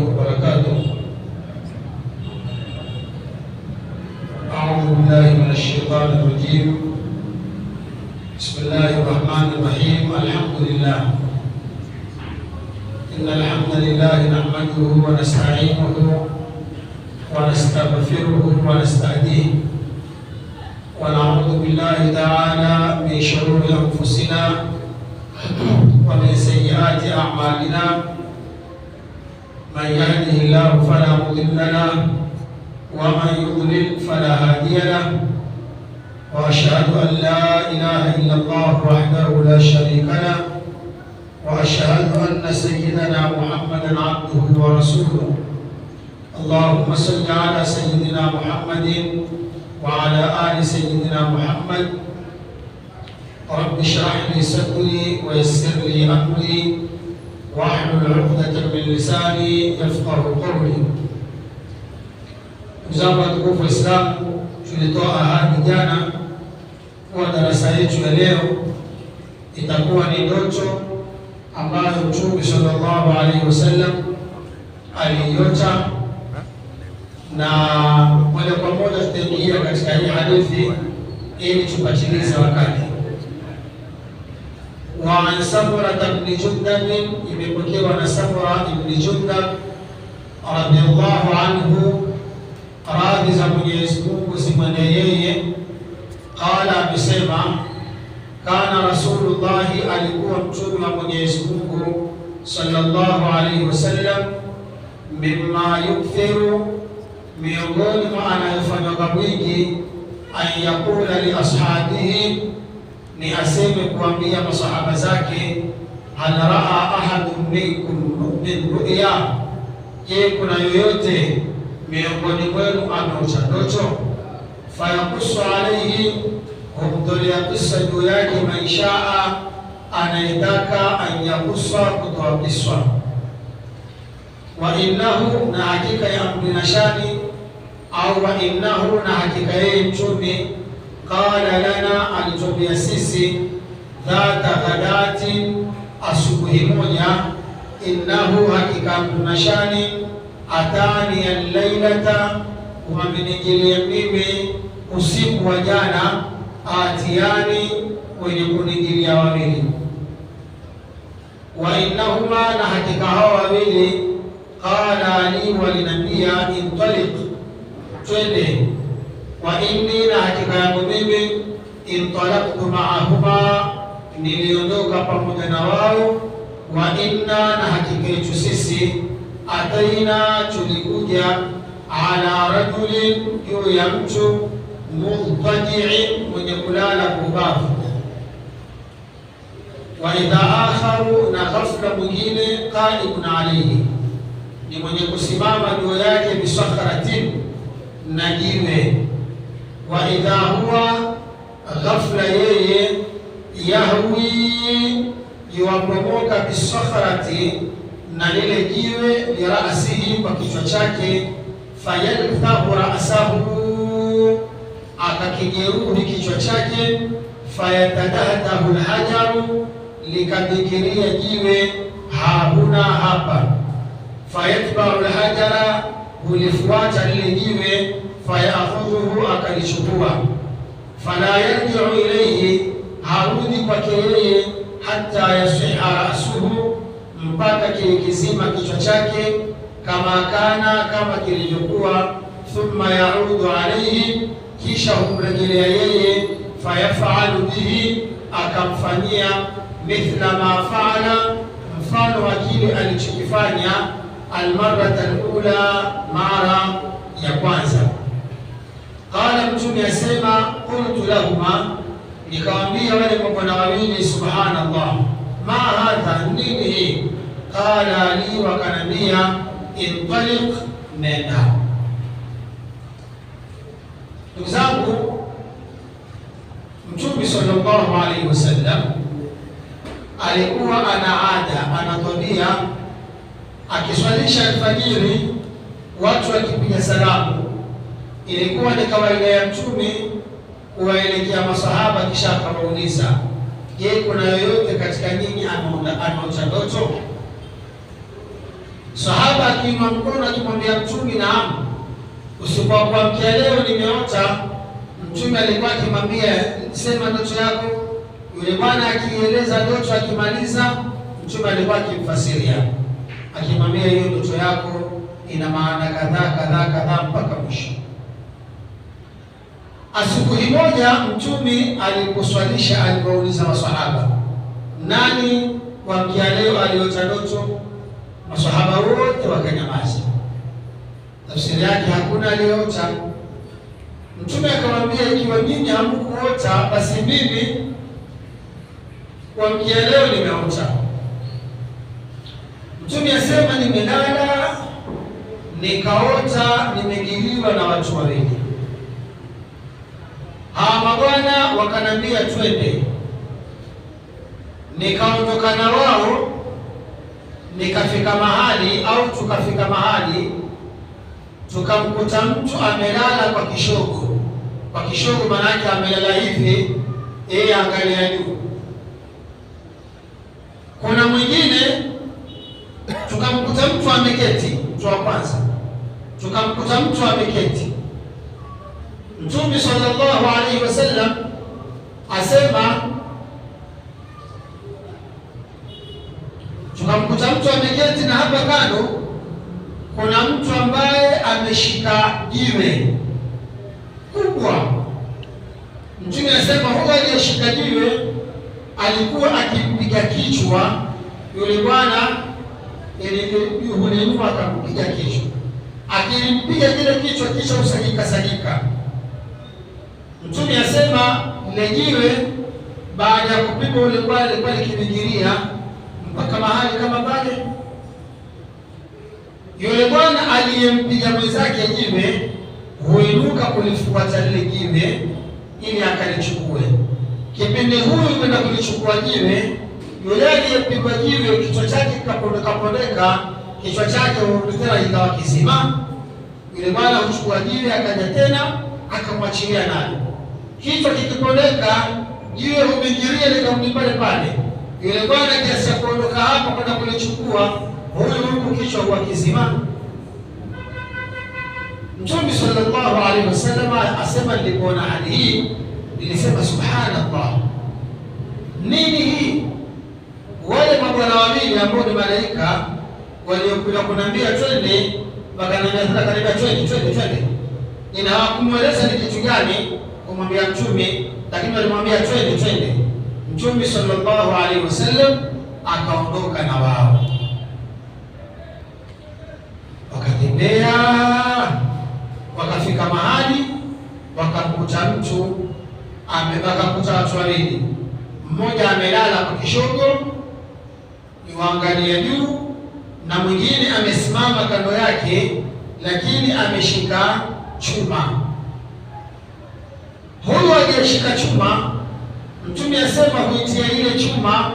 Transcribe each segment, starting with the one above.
الله أعوذ بالله من الشيطان الرجيم بسم الله الرحمن الرحيم الحمد لله إن الحمد لله نحمده ونستعينه ونستغفره ونستهديه ونعوذ بالله تعالى من شرور أنفسنا ومن سيئات أعمالنا من يهده الله فلا مضل له ومن يضلل فلا هادي له واشهد ان لا اله الا الله وحده لا شريك له واشهد ان سيدنا محمدا عبده ورسوله اللهم صل على سيدنا محمد وعلى ال سيدنا محمد رب اشرح لي صدري ويسر لي امري wahlul عقدة من لساني يفقه qawli. Ndugu تقوف الإسلام Waislamu, tulitoa جانا jana kuwa darasa yetu ya itakuwa ni ndoto ambayo Mtume sallallahu alaihi wasallam aliyota na moja kwa moja tutaingia katika hii hadithi ili tupatilize wakati wa an Samura ibn Jundab, imepokewa na Samura ibn Jundab radhiallahu anhu, radhi za Mwenyezi Mungu zimwende yeye. Qala, amesema kana Rasulullahi, alikuwa mtume wa Mwenyezi Mungu sallallahu alayhi wasallam, mimma yukthiru, miongoni mwa anayofanywa kwa wingi, an yakula li ashabihi ni aseme kuambia masahaba zake, anaraa ahadu ahadun minkum min ruya, je, kuna yoyote miongoni mwenu ameota ndoto? Fayakusu alaihi, humdholia kisa juu yake, maishaa, anayetaka anyakuswa, kutoa kiswa wa innahu, na hakika ya mdinashani au wa innahu, na hakika yeye mtume qala lana, alitwambia sisi dhata ghadati, asubuhi moja, innahu hakika mtunashani atani allailata, umaminijilia mimi usiku wa jana, atiani, wenye kunijilia wawili, wa innahuma, na hakika hao wawili, qala ali, walinambia intaliq, twende, wa inni, na hakika intalaqtu maahuma, niliondoka pamoja na wao. Wa inna, na hakika yetu sisi, ataina, tulikuja, ala rajulin, juu ya mtu, Mudhajii, mwenye kulala kubafu Wa idha akharu, na ghafla mwingine, qa'imun alayhi, ni mwenye kusimama juu yake, bisakharatin, na jiwe. Wa idha huwa ghafla yeye yahwi yuwapomoka bisakharati na lile jiwe lirasihi, kwa kichwa chake, fayalthahu rasahu, akakijeruhi kichwa chake, fayatadahtahu lhajaru, likabikiria jiwe hahuna hapa, fayatbau lhajara, hulifuata lile jiwe, fayakhudhuhu, akalichukua fala yarjiu ilaihi, harudi kwake yeye hata yasiha rasuhu, mpaka kile kizima kichwa chake, kama kana, kama kilivyokuwa. Thumma yaudu alaihi, kisha humrejelea yeye, fayafalu bihi, akamfanyia mithla ma faala, mfano wa kile alichokifanya almarata alula, mara ya kwanza. Qala, mtume asema qultu lahuma, nikawambia wale mabwana wawili, subhanallah, ma hadha, nini hii? Qala li, wakanambia intaliq, nenda. Ndugu zangu, Mtume sallallahu alaihi wasallam alikuwa ana ada, ana akiswalisha alfajiri, watu wakipiga salamu, ilikuwa ni kawaida ya Mtume kuwaelekea masahaba, kisha akawauliza, je, kuna yoyote katika nyinyi anaota ndoto? Sahaba akiinua mkono akimwambia Mtume, naam, usiku wa kuamkia leo nimeota. Mtume alikuwa akimwambia, sema ndoto yako. Yule bwana akieleza ndoto, akimaliza, Mtume alikuwa akimfasiria, akimwambia, hiyo ndoto yako ina maana kadhaa kadhaa kadhaa, mpaka mwisho. Asubuhi moja mtume aliposwalisha, aliwauliza maswahaba, nani kwa mkia leo aliota ndoto? Maswahaba wote wakanyamaza. Tafsiri yake hakuna aliyeota. Mtume akamwambia, ikiwa nyinyi hamkuota, basi mimi kwa mkia leo nimeota. Mtume asema, nimelala nikaota nimegiliwa na watu wawili hawa mabwana wakanambia twende, nikaondoka na wao, nikafika mahali au tukafika mahali tukamkuta mtu amelala kwa kishogo. Kwa kishogo maana yake amelala hivi, yeye angalia juu. Kuna mwingine tukamkuta mtu ameketi, mtu wa kwanza tukamkuta mtu ameketi Mtume sallallahu alaihi wasallam asema, tukamkuta mtu ameketi, na hapa kando kuna mtu ambaye ameshika jiwe kubwa. Mtume asema huyo aliyeshika jiwe alikuwa akimpiga kichwa yule bwana, iliyuhuniuma akakupiga kichwa, akilimpiga kile kichwa kisha usagika sagika Mtume asema lenyewe baada ya kupigwa ule ubaya lilikuwa likibingiria mpaka mahali kama pale. Yule bwana aliyempiga mwenzake jiwe huinuka kulifuata lile jiwe ili akalichukue. Kipindi huyu kwenda kulichukua jiwe, yule aliyempiga jiwe kichwa chake kikapondeka pondeka, kichwa chake hurudi tena ikawa kizima. Yule bwana huchukua jiwe akaja tena akamwachilia nalo kichwa kikiponeka jiwe hubingiria likarudi pale pale. Yule bwana kiasi ya kuondoka hapo kwenda kulichukua, huyu huku kichwa kwa kizima. Mtume sallallahu alaihi wasallam asema, nilipoona hali hii nilisema subhanallah, nini hii? Wale mabwana wawili ambao ni malaika waliokuja kuniambia twende, wakaniambia twende, twende, twende, ninawakumweleza ni kitu gani kumwambia mtume, lakini walimwambia twende, twende. Mtume sallallahu alaihi wasallam akaondoka na wao, wakatembea wakafika mahali, wakakuta mtu wakakuta watu wawili, mmoja amelala kwa kishogo niwaangalia juu na mwingine amesimama kando yake, lakini ameshika chuma Huyu aliyeshika chuma, Mtume asema kuitia ile chuma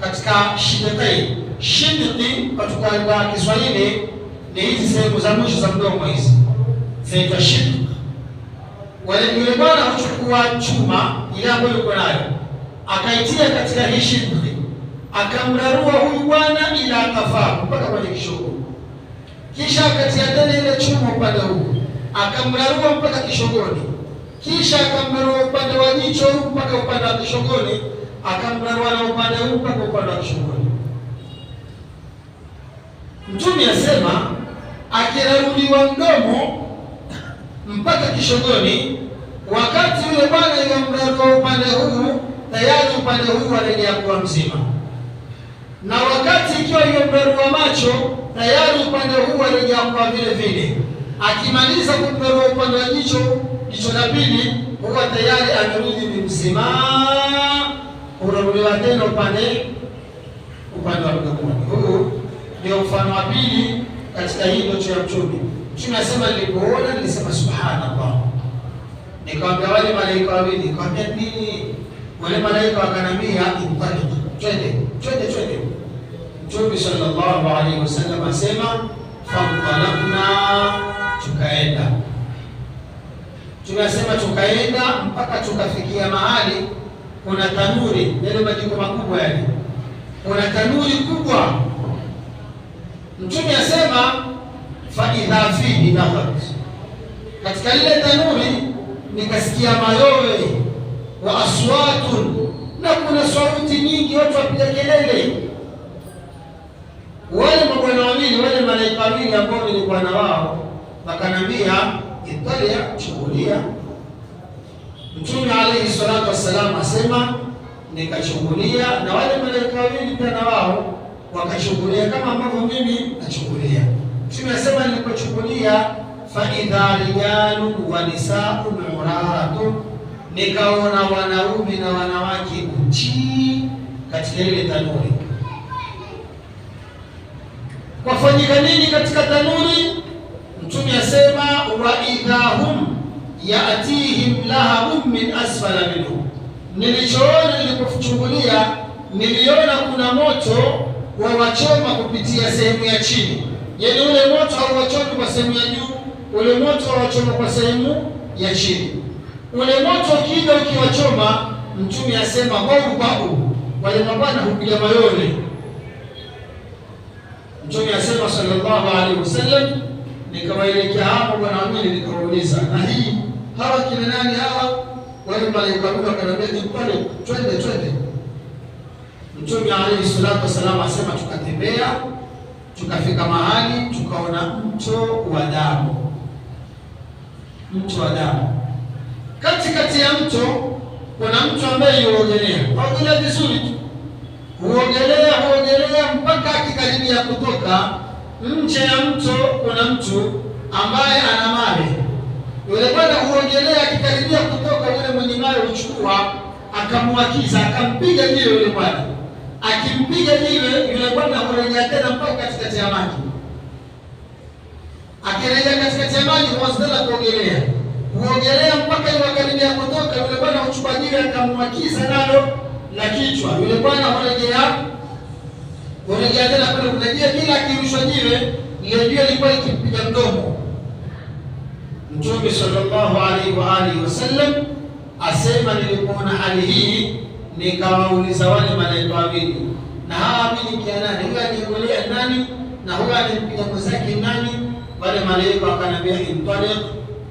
katika shidatai. Shididi katika lugha ya Kiswahili ni hizi sehemu za mwisho za mdomo, hizi zinaitwa shididi. Wale yule bwana huchukua chuma ile ambayo yuko nayo, akaitia katika hii shididi, akamrarua huyu bwana ila akafaa mpaka kwenye kishogo, kisha akatia tena ile chuma upande huu, akamrarua mpaka kishogoni kisha akamnarua upande wa jicho huku mpaka upande wa kishokoni, akamnarua na upande huu mpaka upande wa kishokoni. Mtume asema akiraruliwa mdomo mpaka kishokoni, wakati yule bwana ikamnarua upande huu, tayari upande huu arejea kuwa mzima, na wakati ikiwa imemnarua macho, tayari upande huu arejea kuwa vile vile. Akimaliza kumnarua upande wa jicho Kisho la pili huwa tayari amerudi, ni mzima, unarudiwa tena upande upande wa mdomoni. Huu ndio mfano wa pili katika hii ndoto ya mtume. Mtume asema, nilipoona nilisema subhanallah, nikamwambia wale malaika wawili, nikamwambia nini? Wale malaika wakanambia, intaki, twende twende twende. Mtume sallallahu alaihi wasallam asema, fantalaqna, tukaenda tunasema tukaenda mpaka tukafikia mahali kuna tanuri yale majiko makubwa yale, kuna tanuri kubwa. Mtume asema idha fihi nafarat, katika lile tanuri nikasikia mayowe wa aswatun, na kuna sauti nyingi, watu wapiga kelele. Wale mabwana wawili wale malaika wawili ambao nilikuwa na wao wakanambia italia kuchungulia. Mtume alaihi salatu wassalam asema nikachungulia, na wale malaika wawili pia na wao wakachungulia kama ambavyo mimi nachungulia. Mtume asema nilipochungulia, faidha rijalun wa nisaun nikaona wanaume na wanawake uchi katika ile tanuri. Kwafanyika nini katika tanuri? Mtume asema idhahum yatihim lahabun min asfala minhum, nilichoona nilipochungulia, niliona kuna moto wa wachoma kupitia sehemu ya chini. Yani ule moto hauwachomi kwa sehemu ya juu, ule moto wawachoma kwa sehemu ya chini. Ule moto ukija ukiwachoma, Mtume asema waubau wale mabwana hupiga mayole. Mtume asema sallallahu alaihi wasallam Nikawaelekea hapo Bwana wawili, nikawauliza na hii hawa kina nani hawa? Wale malaika wakaniambia ni pale, twende twende. Mtume alayhi salatu wasalam asema, tukatembea tukafika mahali tukaona mto wa damu, mto wa damu. Katikati ya mto kuna mtu ambaye yuogelea, aogelea vizuri tu, huogelea huogelea mpaka akikaribia kutoka nje ya mto kuna mtu ambaye ana mali. Yule bwana huogelea, akikaribia kutoka, yule mwenye mali huchukua, akamwakiza, akampiga jiwe yule bwana. Akimpiga jiwe yule bwana hurejea tena mpaka katikati ya maji. Akirejea katikati ya maji huanza kuogelea, huogelea mpaka iwakaribia kutoka, yule bwana huchukua jiwe, akamwakiza nalo na kichwa, yule bwana hurejea kurejea tena kwenda kurejea, kila akirusha jiwe, ile jiwe lilikuwa likimpiga mdomo. Mtume sallallahu alaihi wa alihi wasallam asema, nilipoona hali hii nikawauliza wale malaika wawili, na hawa kia nani? Huyo aliongolea nani? na huyo alimpiga mwenzake nani? Wale malaika wakanambia, intaliq,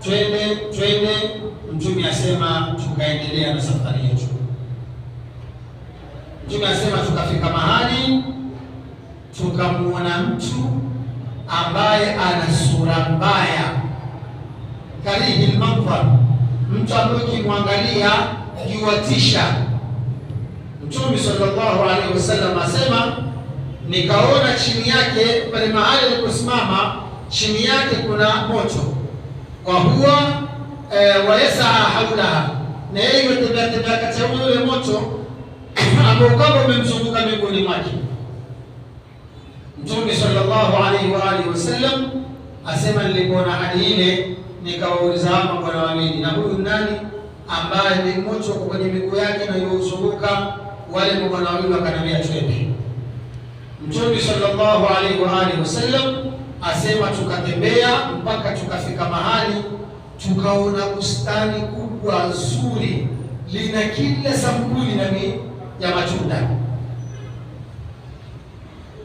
twende twende. Mtume asema, tukaendelea na safari yetu. Mtume asema, tukafika mahali tukamwona mtu ambaye ana sura mbaya karihil manfar, mtu ambaye ukimwangalia kiwatisha Mtume sallallahu alaihi wasallam asema, nikaona chini yake pale mahali aliposimama chini yake kuna moto, kwa huwa e, eh, wayesaa haulaha, na yeye imetembea tembea katika ule moto ambao kama umemzunguka miguuni mwake Mtume sallallahu alaihi wa alihi wasallam asema, nilipoona hali ile nikawauliza hapa ah, kwa naamini, na huyu nani ambaye ni moto kwenye miguu yake na yozunguka wale mabwana wawili wakanambia, twende. Mtume sallallahu alaihi wa alihi wasallam asema, tukatembea mpaka tukafika mahali tukaona bustani kubwa nzuri, lina kila sampuli na ya matunda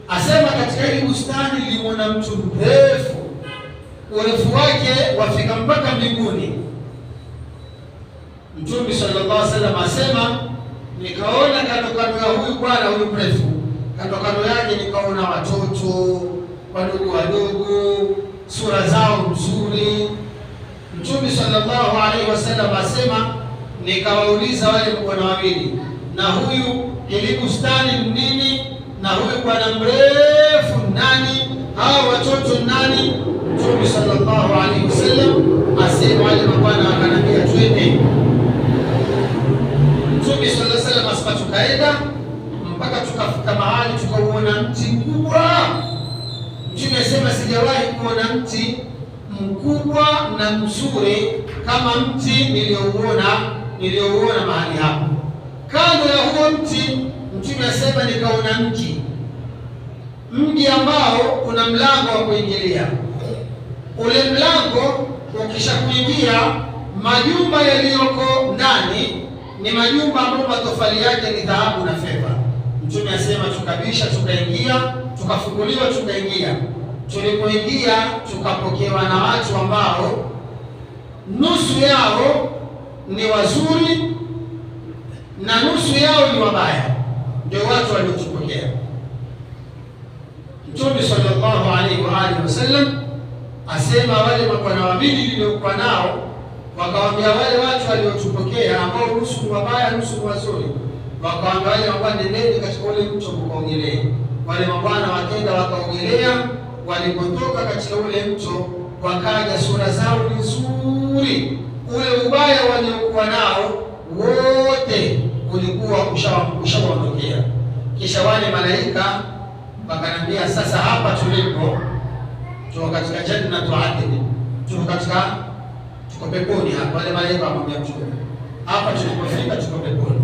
asema katika hili bustani nilimwona mtu mrefu, urefu wake wafika mpaka mbinguni. Mtume sallallahu alaihi wasallam asema nikaona kando kando ya huyu bwana huyu mrefu, kando kando yake nikaona watoto wadogo wadogo, sura zao nzuri. Mtume sallallahu alaihi wasallam asema nikawauliza wale mbona wawili, na huyu ili bustani nini? na huyu bwana mrefu nani? Hawa watoto nani? Mtume sallallahu alaihi wasallam asema wale mabwana wakanambia, twende. Mtume sallallahu alaihi wasallam asema tukaenda mpaka tukafika mahali tukauona mti mkubwa. Mtume asema sijawahi kuona mti mkubwa na mzuri kama mti niliouona niliouona mahali hapo. Kando ya huo mti Mtume asema nikaona mji, mji ambao una mlango wa kuingilia. Ule mlango ukisha kuingia, majumba yaliyoko ndani ni majumba ambayo matofali yake ni dhahabu na fedha. Mtume asema tukabisha, tukaingia, tukafunguliwa, tukaingia. Tulipoingia tukapokewa na watu ambao nusu yao ni wazuri na nusu yao ni wabaya ndio watu waliotupokea. Mtume sallallahu alaihi wa alihi wasallam asema wale wanaoamini niliokuwa nao wakawambia wale watu waliotupokea ambao nusu ni wabaya nusu wazuri, wakawambia wale mabwana, nendeni katika ule mto mkaogelea. Wale mabwana wakenda wakaogelea, walipotoka katika ule mto wakaja, sura zao nzuri, ule ubaya waliokuwa nao wote ulikuwa ushawaondokea. Kisha wale malaika wakanambia, sasa hapa tulipo tuko katika janna tuadhibi tuko katika tuko peponi hapa. Wale malaika wakamwambia Mtume, hapa tulipofika tuko peponi.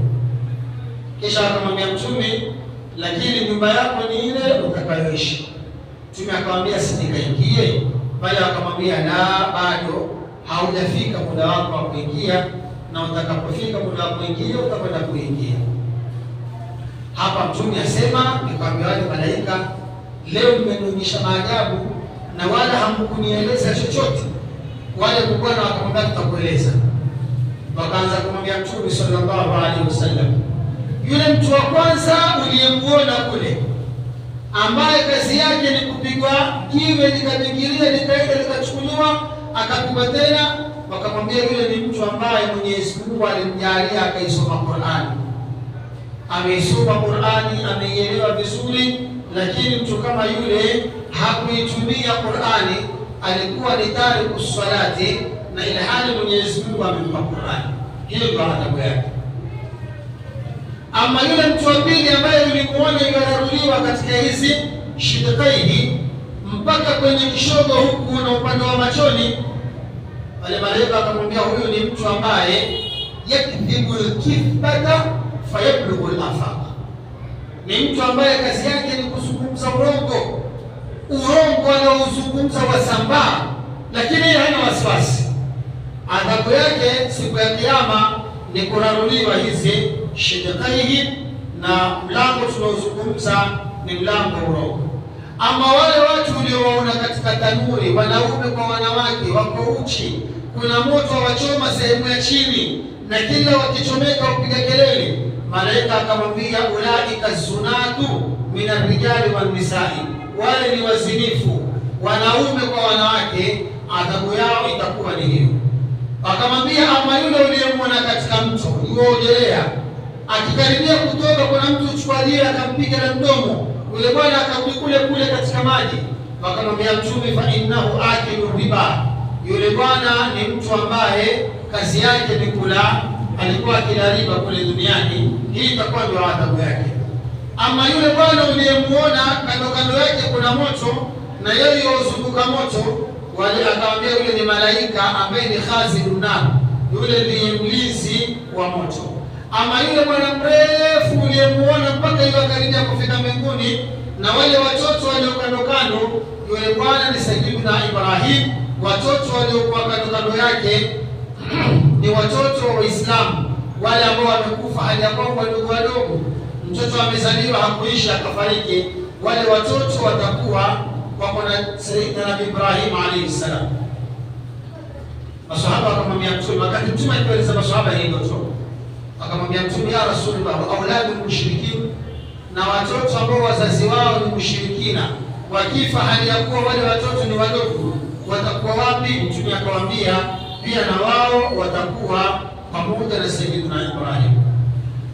Kisha wakamwambia Mtume, lakini nyumba yako ni ile utakayoishi. Mtume akamwambia, sinikaingie pale? Wakamwambia, la, bado haujafika muda wako wa kuingia na utakapofika muda wa kuingia utakwenda kuingia. Hapa mtume asema, nikwambia wale malaika, leo mmedumisha maajabu na wala hamkunieleza chochote. Wale kukwana wakamwambia, tutakueleza. Wakaanza kumwambia mtume sallallahu alaihi wasallam, yule mtu wa kwanza uliyemuona kule ambaye kazi yake ni kupigwa jiwe likabigiria likaenda likachukuliwa akapigwa tena wakamwambia yule ni mtu ambaye Mwenyezi Mungu alimjalia akaisoma Qur'ani, ameisoma Qur'ani, ameielewa vizuri, lakini mtu kama yule hakuitumia Qur'ani, alikuwa ni tariku salati, na ile hali Mwenyezi Mungu amempa Qur'ani. Hiyo ndio adhabu yake. Ama yule mtu wa pili ambaye nilikuona yanaruliwa katika hizi shidqaini, mpaka kwenye kishogo huku na upande wa machoni pale malaika akamwambia huyu ni mtu ambaye yakdhibu kibata fayablughu lafaq, ni mtu ambaye kazi yake ni kuzungumza urongo. Urongo anaozungumza wasambaa, lakini yeye hana wasiwasi. Adhabu yake siku ya Kiyama ni kuraruliwa hizi shidakaihi, na mlango tunaozungumza ni mlango urongo. Ama wale watu uliowaona katika tanuri, wanaume kwa wanawake, wako uchi kuna moto wachoma sehemu ya chini, na kila wakichomeka upiga kelele. Malaika akamwambia ulaika zunatu min arrijali wannisai, wale ni wazinifu wanaume kwa wanawake, adhabu yao itakuwa ni hiyo. Akamwambia ama yule uliyemwona katika mto ulioogelea akikaribia kutoka, kuna mtu uchukwalie akampiga na mdomo, ule bwana akarudi kule kule katika maji. Wakamwambia Mtume, fa innahu akilu riba yule bwana ni mtu ambaye kazi yake ni kula, alikuwa akila kule duniani. Hii itakuwa ndio adhabu yake. Ama yule bwana uliyemuona kando kando yake kuna moto na yeye yozunguka moto, wale akamwambia yule ni malaika ambaye ni khazi duna, yule ni mlinzi wa moto. Ama yule bwana mrefu uliyemuona mpaka yule akaribia kufika mbinguni, na wale watoto waliokando kando, yule bwana ni Sayyidina Ibrahim watoto waliokuwa kando kando yake ni watoto wa Uislamu wale ambao wamekufa hali ambao wadogo wadogo, mtoto amezaliwa hakuishi akafariki. Wale watoto watakuwa wako na Sayyidina Nabii Ibrahim alayhi salam. Masahaba wakamwambia Mtume, wakati Mtume alipoeleza masahaba hilo tu, akamwambia Mtume, ya Rasulullah, auladu mushrikin, na watoto ambao wazazi wao ni mushirikina, wakifa hali ya kuwa wale watoto ni wadogo watakuwa wapi? Mtume akawaambia pia na wao watakuwa pamoja na Sayyidina Ibrahim.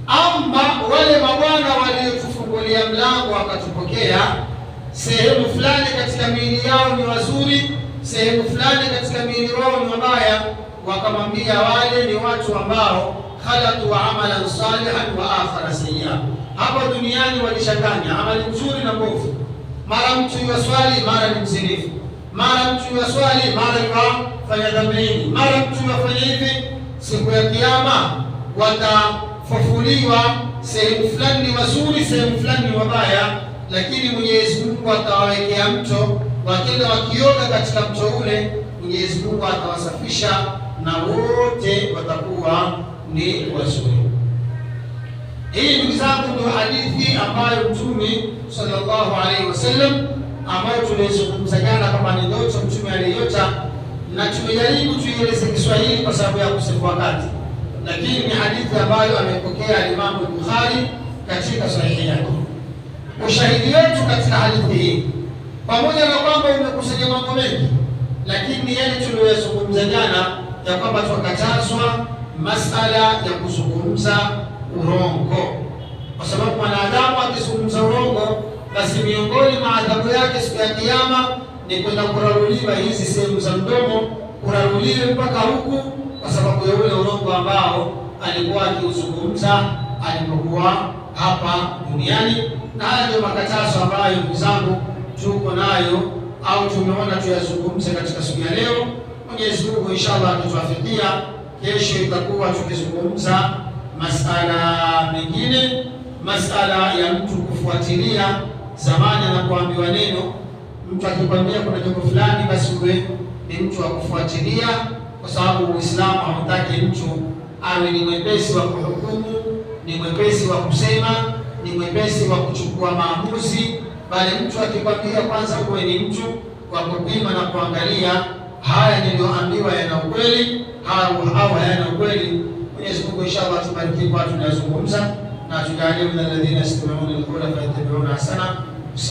Ama wale mabwana waliotufungulia mlango wakatupokea, sehemu fulani katika miili yao ni wazuri, sehemu fulani katika miili wao ni wabaya. Wakamwambia wale ni watu ambao khalatu wa amalan salihan wa akhara sayya, Hapa duniani walishakanya amali nzuri na mbovu, mara mtu yuwaswali, mara ni mzinifu mara mtu yaswali mara yafanya dhambi, mara mtu afanye hivi. Siku ya Kiyama watafufuliwa sehemu fulani ni wazuri, sehemu fulani ni wabaya, lakini Mwenyezi Mungu atawawekea mto, wakenda wakioga katika mto ule, Mwenyezi Mungu atawasafisha na wote watakuwa ni wazuri. Hii ndugu zangu, ndio hadithi ambayo Mtume sallallahu alaihi wasallam ambayo tumeizungumza jana kwamba ni ndoto mtume aliyota, na tumejaribu tuieleze Kiswahili kwa sababu ya kusefu wakati, lakini ni hadithi ambayo amepokea Alimamu Bukhari katika sahihi yake. Ushahidi wetu katika hadithi hii, pamoja na kwamba umekusanya mambo mengi, lakini yale tuliyozungumza jana ya kwamba tukatazwa masala ya kuzungumza urongo, kwa sababu mwanadamu akizungumza urongo basi miongoni mwa adhabu yake siku ya Kiyama ni kwenda kuraruliwa hizi sehemu za mdomo, kuraruliwe mpaka huku, kwa sababu ya ule urongo ambao alikuwa akiuzungumza alipokuwa hapa duniani. Na haya ndio makataso ambayo ndugu zangu tuko nayo au tumeona tuyazungumze katika siku ya leo. Mwenyezi Mungu inshallah atatuafikia. Kesho itakuwa tukizungumza masala mengine, masala ya mtu kufuatilia zamani anakuambiwa neno, mtu akikwambia kuna jambo fulani, basi uwe ni mtu wa kufuatilia, kwa sababu Uislamu hautaki mtu awe ni mwepesi wa kuhukumu, ni mwepesi wa kusema, ni mwepesi wa kuchukua maamuzi, bali mtu akikwambia, kwanza uwe ni mtu wa kupima na kuangalia haya niliyoambiwa yana ukweli au hayana ukweli. Mwenyezi Mungu inshallah atubariki kwa tunazungumza na tujalie min alladhina yastami'una alqawla fayattabi'una ahsana.